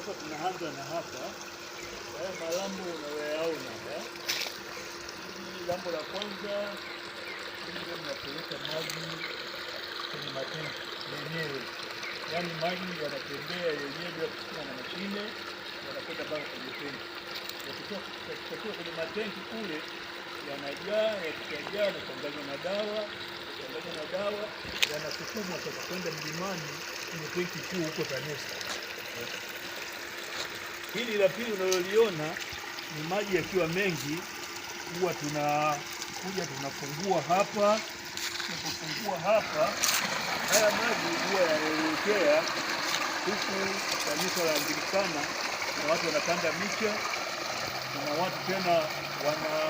Sasa tunaanza na hapa haya eh, malambo unayoyaona haya. Eh? lambo la kwanza ndio mnapeleka maji kwenye matenki yenyewe, yaani maji yanatembea yenyewe bila kusukuma na mashine, yanakwenda mpaka kwenye tenki. Yakitoka kwenye matenki kule yanajaa, yakishajaa yanachanganywa na dawa changanya na dawa yanasukumwa sasa kwenda mlimani kwenye tenki kuu huko TANESCO. Hili la pili unaloliona ni maji yakiwa mengi, huwa tunakuja tunafungua hapa. Tunapofungua hapa, haya maji huwa yanaelekea huku kanisa la Anglikana, na watu wanapanda miche na watu tena wana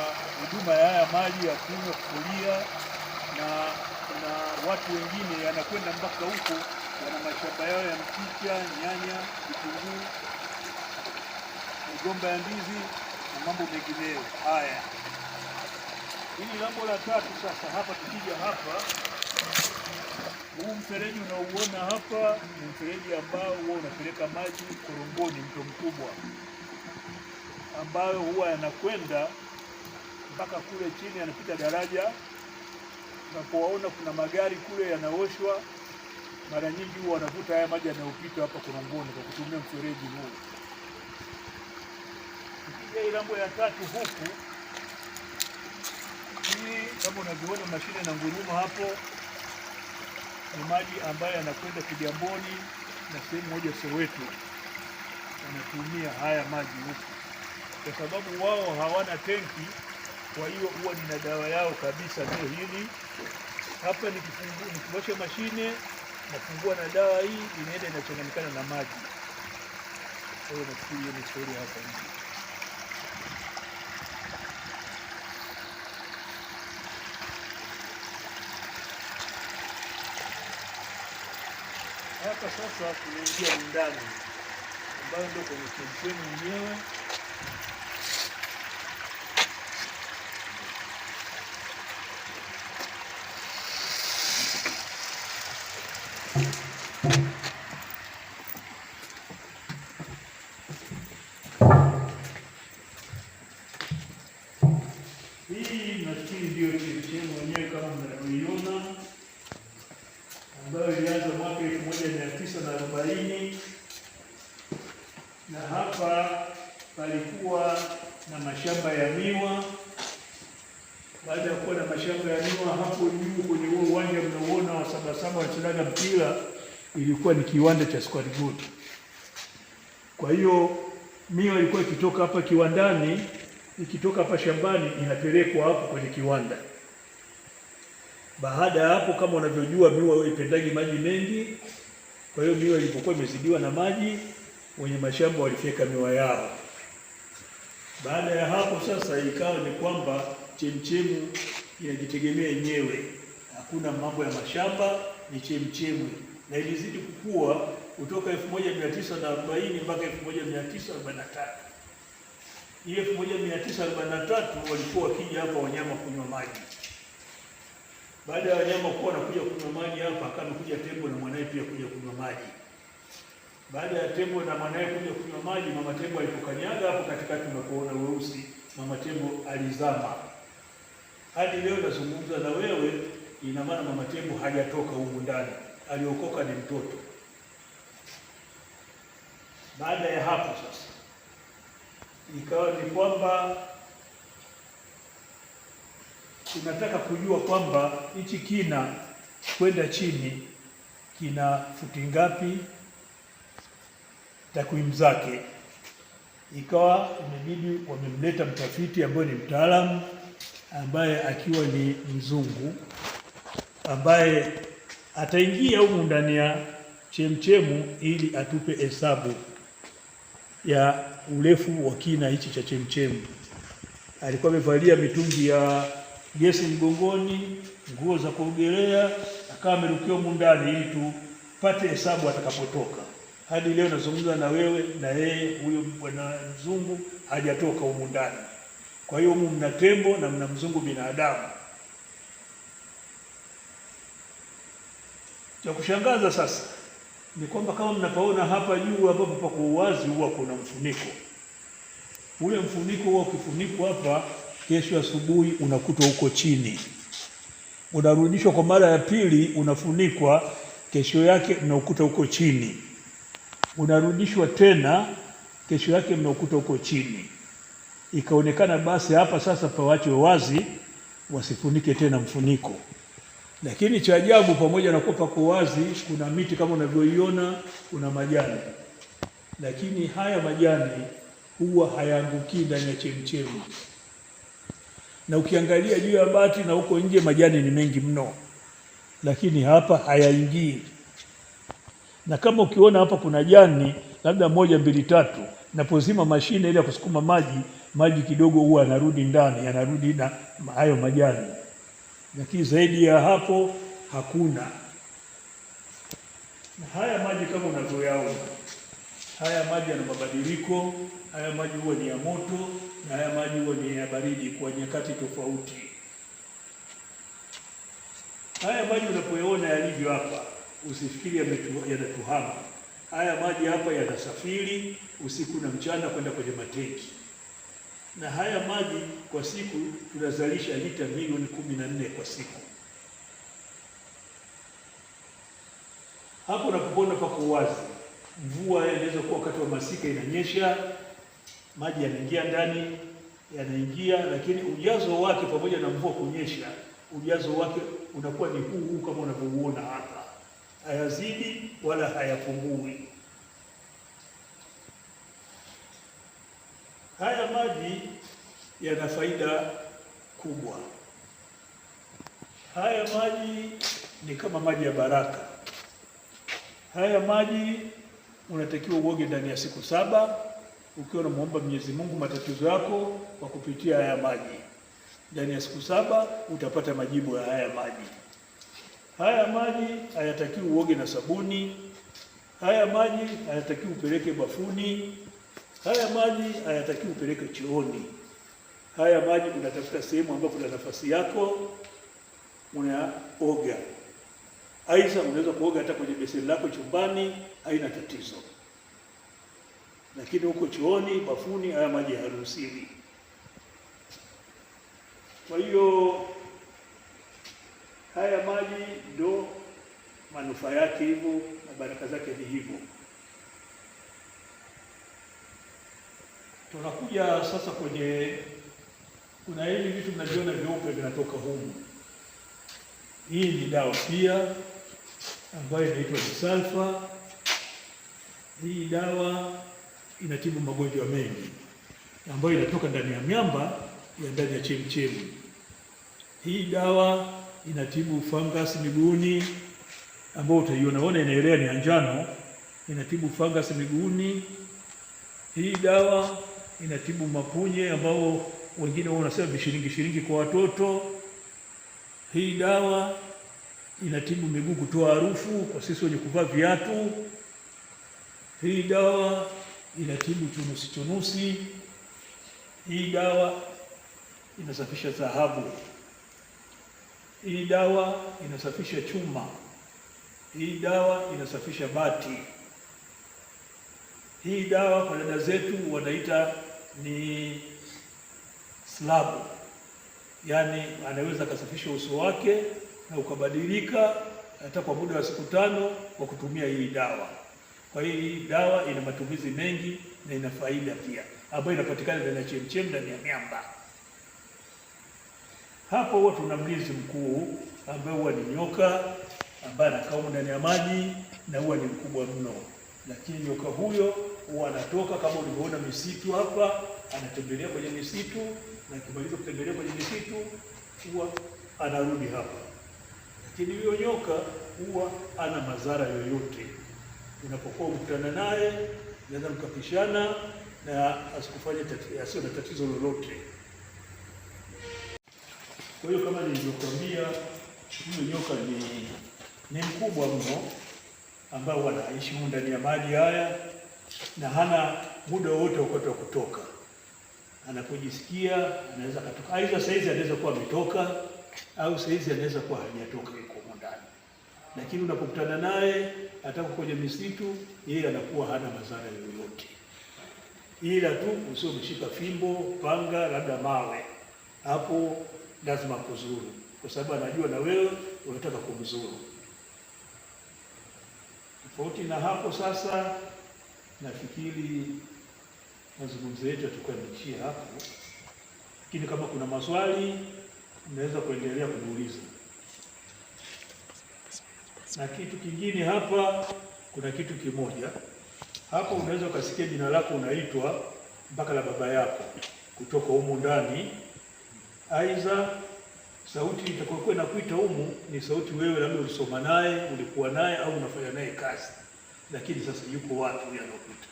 huduma ya haya maji ya kunywa, kufulia na, na watu wengine yanakwenda mpaka huko, wana mashamba yao ya mchicha, nyanya, vitunguu migomba ya ndizi na mambo mengineyo haya. Hili lango la tatu sasa, hapa tukija hapa, huu mfereji unaouona hapa ni mfereji ambao huwa unapeleka maji Korongoni, mto mkubwa ambayo huwa yanakwenda mpaka kule chini, yanapita daraja na kuwaona kuna magari kule yanaoshwa, mara nyingi huwa wanavuta haya maji yanayopita hapa Korongoni kwa kutumia mfereji huu ile rambo ya tatu huku hii, kama unavyoona mashine na nguruma hapo, ni maji ambayo yanakwenda Kigamboni na sehemu moja Soweto, wanatumia haya maji huku, kwa sababu wao hawana tenki. Kwa hiyo huwa nina dawa yao kabisa, ndio hili hapa. Nikiwasha mashine nafungua na dawa hii, inaenda inachanganyikana na maji. Kwa hiyo nafikiri hiyo ni stori hapa nje. Hapa sasa tunaingia ambayo ndio kwenye ambayo ilianza mwaka 1940 na hapa palikuwa na mashamba ya miwa. Baada ya kuwa na mashamba ya miwa, hapo juu kwenye huo uwanja mnauona wa Sabasaba wachezaga mpira, ilikuwa ni kiwanda cha sukari gudi. Kwa hiyo miwa ilikuwa ikitoka hapa kiwandani, ikitoka hapa shambani, inapelekwa hapo kwenye kiwanda. Baada ya hapo, kama unavyojua, miwa ipendagi maji mengi. Kwa hiyo miwa ilipokuwa imezidiwa na maji, wenye mashamba walifyeka miwa yao. Baada ya hapo sasa, ikawa ni kwamba chemchemu inajitegemea yenyewe, hakuna mambo ya mashamba, ni chemchemu, na ilizidi kukua kutoka 1940 mpaka 1943. Hiyo 1943 walikuwa wakija hapa wanyama kunywa maji. Baada ya wanyama kuwa wanakuja kunywa maji hapa, akaamekuja tembo na mwanae pia kuja kunywa maji. Baada ya tembo na mwanae kuja kunywa maji, mama tembo alipokanyaga hapo katikati, unapoona weusi, mama tembo alizama. Hadi leo nazungumza na wewe, ina maana mama tembo hajatoka humu ndani, aliokoka ni mtoto. Baada ya hapo sasa ikawa ni kwamba unataka kujua kwamba hichi kina kwenda chini kina futi ngapi, takwimu zake. Ikawa imebidi wamemleta mtafiti ambaye ni mtaalamu ambaye akiwa ni mzungu ambaye ataingia humu ndani ya chemchemu ili atupe hesabu ya urefu wa kina hichi cha chemchemu. Alikuwa amevalia mitungi ya gesi mgongoni, nguo za kuogelea, akawa amerukiwa mundani ili tupate hesabu atakapotoka. Hadi leo nazungumza na wewe, na yeye huyo bwana mzungu hajatoka humu ndani. Kwa hiyo humu mna tembo na mna mzungu binadamu. Cha kushangaza sasa ni kwamba kama mnapaona hapa juu ambapo pako uwazi, huwa kuna mfuniko. Ule mfuniko huwa ukifunikwa hapa kesho asubuhi unakutwa huko chini, unarudishwa kwa mara ya pili, unafunikwa, kesho yake mnaukuta huko chini, unarudishwa tena, kesho yake mnaukuta huko chini. Ikaonekana basi hapa sasa pawache wazi, wasifunike tena mfuniko. Lakini cha ajabu, pamoja na kuwa pako wazi, kuna miti kama unavyoiona, kuna majani, lakini haya majani huwa hayaangukii ndani ya chemchemi na ukiangalia juu ya bati na huko nje majani ni mengi mno, lakini hapa hayaingii. Na kama ukiona hapa kuna jani labda moja mbili tatu, napozima mashine ile ya kusukuma maji, maji kidogo huwa yanarudi ndani, yanarudi na hayo majani, lakini zaidi ya hapo hakuna. Na haya maji kama unavyoyaona Haya maji yana mabadiliko, haya maji huwa ni ya moto na haya maji huwa ni ya baridi kwa nyakati tofauti. Haya maji unapoyaona yalivyo hapa, usifikiri yanatuhama. Haya maji hapa yanasafiri usiku na mchana kwenda kwenye matenki, na haya maji kwa siku tunazalisha lita milioni kumi na nne kwa siku. Hapo unapopona pako wazi mvua inaweza kuwa wakati wa masika inanyesha, maji yanaingia ndani, yanaingia, lakini ujazo wake pamoja na mvua kunyesha, ujazo wake unakuwa ni huu huu kama unavyouona hapa, hayazidi wala hayapungui. Haya maji yana faida kubwa. Haya maji ni kama maji ya baraka. Haya maji unatakiwa uoge ndani ya siku saba ukiwa unamuomba Mwenyezi Mungu matatizo yako kwa kupitia haya maji. Ndani ya siku saba utapata majibu ya haya maji. Haya maji hayatakiwi uoge na sabuni. Haya maji hayatakiwi upeleke bafuni. Haya maji hayatakiwi upeleke chooni. Haya maji unatafuta sehemu ambapo kuna nafasi yako, unaoga. aisa unaweza kuoga hata kwenye beseni lako chumbani haina tatizo, lakini huko chooni, bafuni, haya maji haruhusiwi. Kwa hiyo haya maji ndo manufaa yake hivyo na baraka zake ni hivyo. Tunakuja sasa kwenye, kuna hivi vitu mnaviona vyeupe vinatoka humu. Hii ni dawa pia ambayo inaitwa sulfa hii dawa inatibu magonjwa mengi ambayo inatoka ndani ya miamba ya ndani ya chemchemi. Hii dawa inatibu fungus miguuni utaiona utaionaona inaelea ni njano, inatibu fungus miguuni. Hii dawa inatibu mapunye ambao wengine wao wanasema vishiringi shiringi kwa watoto. Hii dawa inatibu miguu kutoa harufu kwa sisi wenye kuvaa viatu. Hii dawa inatibu chunusi chunusi, hii dawa inasafisha dhahabu, hii dawa inasafisha chuma, hii dawa inasafisha bati. Hii dawa kwa dada zetu wanaita ni slabu, yaani anaweza akasafisha uso wake na ukabadilika hata kwa muda wa siku tano kwa kutumia hii dawa. Kwa hiyo hii dawa ina matumizi mengi na ina faida pia, ambayo inapatikana ndani ya chemchem ndani ya miamba. Hapo huwa tuna mlinzi mkuu ambaye huwa ni nyoka ambaye anakaa ndani ya maji na huwa ni mkubwa mno, lakini nyoka huyo huwa anatoka kama ulivyoona misitu hapa, anatembelea kwenye misitu na akimaliza kutembelea kwenye misitu huwa anarudi hapa, lakini huyo nyoka huwa ana madhara yoyote unapokuwa mkutana naye naweza mkapishana na asikufanye asiwe na tatizo lolote. Kwa hiyo kama nilivyokuambia, huyu nyoka ni ni mkubwa mno, ambao wanaishi humu ndani ya maji haya, na hana muda wowote wakati wa kutoka, anapojisikia anaweza katoka. Aidha, saizi anaweza kuwa ametoka, au saizi anaweza kuwa hajatoka, yuko ndani lakini unapokutana naye atako kwenye misitu, yeye anakuwa hana madhara yoyote, ila tu usio mshika fimbo, panga, labda mawe, hapo lazima kuzuru, kwa sababu anajua na wewe unataka kumzuru. Tofauti na hapo sasa, nafikiri mazungumzo yetu yatakuwa yameishia hapo, lakini kama kuna maswali mnaweza kuendelea kuuliza na kitu kingine hapa, kuna kitu kimoja hapa, unaweza ukasikia jina lako unaitwa mpaka la baba yako kutoka humu ndani. Aidha, sauti itakokuwa inakuita humu ni sauti wewe labda ulisoma naye, ulikuwa naye au unafanya naye kazi, lakini sasa yuko wapi huyo anakuita?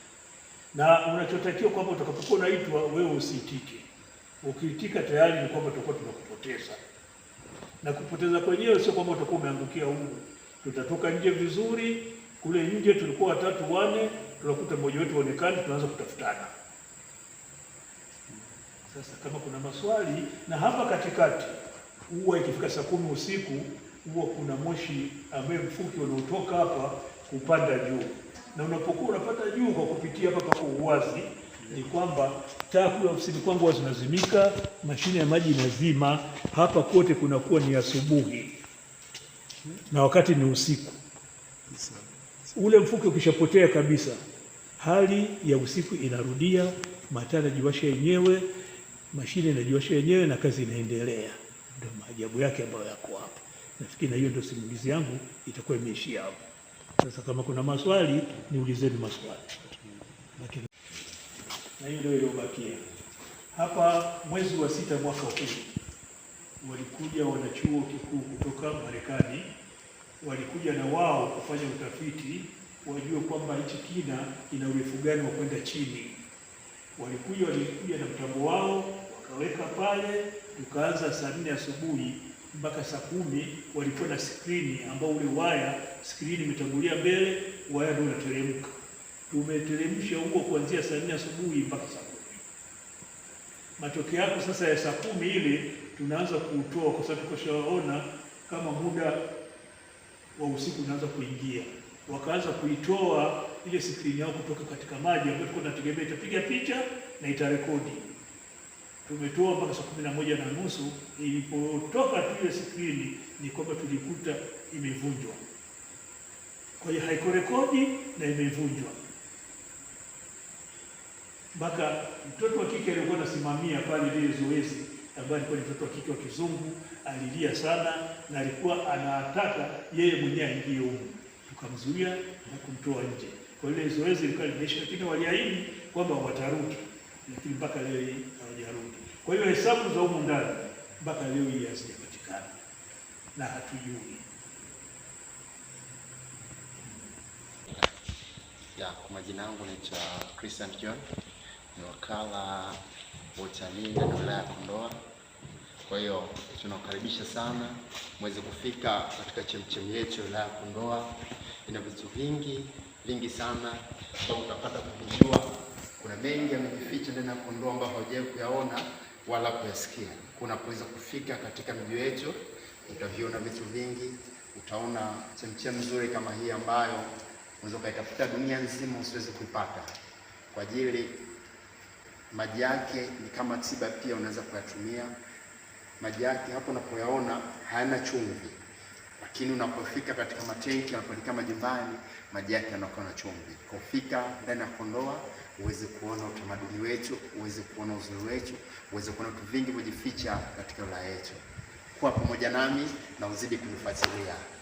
Na unachotakiwa kwamba utakapokuwa unaitwa wewe usiitike. Ukiitika tayari ni kwamba tutakuwa tunakupoteza, na kupoteza kwenyewe sio kwamba utakuwa umeangukia huko tutatoka nje vizuri. Kule nje tulikuwa watatu wane, tunakuta mmoja wetu aonekane, tunaanza kutafutana. Sasa kama kuna maswali, na hapa katikati huwa ikifika saa kumi usiku huwa kuna moshi ambaye mfuki unaotoka hapa kupanda juu, na unapokuwa unapata juu kwa kupitia hapa pako uwazi, ni kwamba taa kule ofisini kwangu huwa zinazimika, mashine ya maji inazima, hapa kote kunakuwa ni asubuhi na wakati ni usiku. Ule mfuke ukishapotea kabisa, hali ya usiku inarudia, mataa yanajiwasha yenyewe, mashine inajiwasha yenyewe na kazi inaendelea. Ndio maajabu yake ambayo yako hapo. Nafikiri na hiyo ndio simulizi yangu itakuwa imeishia hapo. Sasa kama kuna maswali niulizeni maswali, lakini na hiyo ndio iliyobakia hapa. Mwezi wa sita mwaka huu walikuja wanachuo kikuu kutoka Marekani walikuja na wao kufanya utafiti wajue kwamba nchi kina ina urefu gani wa kwenda chini. Walikuja walikuja na mtambo wao wakaweka pale, tukaanza saa nne asubuhi mpaka saa kumi walikuwa na skrini ambao ule waya skrini imetangulia mbele, waya ndio unateremka. Tumeteremsha huko kuanzia saa nne asubuhi mpaka saa kumi. Matokeo yako sasa ya saa kumi ile tunaanza kuutoa, kwa sababu tukoshaona kama muda usiku unaanza kuingia, wakaanza kuitoa ile skrini yao kutoka katika maji ambayo tulikuwa tunategemea itapiga picha na itarekodi. Tumetoa mpaka saa kumi na moja na nusu. Ilipotoka tu ile skrini, ni kwamba tulikuta imevunjwa, kwa hiyo haikorekodi na imevunjwa. Mpaka mtoto wa kike aliyokuwa anasimamia pale lile zoezi ambaye alikuwa ni mtoto wa kike wa kizungu, alilia sana na alikuwa anataka yeye mwenyewe aingie humu, tukamzuia na kumtoa nje. Kwa ile zoezi ilikuwa limeisha, lakini waliahidi kwamba watarudi, lakini mpaka leo hawajarudi. Kwa hiyo hesabu za humu ndani mpaka leo hii hazijapatikana na hatujui. Kwa majina yangu naitwa Christian John, ni wakala cha na wilaya ya Kondoa. Kwa hiyo tunakukaribisha sana mweze kufika katika chemchemi yetu ya wilaya ya Kondoa. Ina vitu vingi vingi sana ambavyo utapata kuvijua. Kuna mengi yamejificha ndani ya Kondoa ambayo hawajawahi kuyaona wala kuyasikia. Kuna kuweza kufika katika mji wetu, utaviona vitu vingi, utaona chemchem nzuri kama hii ambayo unaweza ukaitafuta dunia nzima usiweze kuipata kwa ajili maji yake ni kama tiba pia, unaweza kuyatumia maji yake. Hapo unapoyaona hayana chumvi, lakini unapofika katika matenki unapofika majumbani, maji yake yanakuwa na chumvi. Kufika ndani ya Kondoa uweze kuona utamaduni wetu, uweze kuona uzuri wetu, uweze kuona vitu vingi kujificha katika wilaya yetu. Kuwa pamoja nami na uzidi kunifuatilia.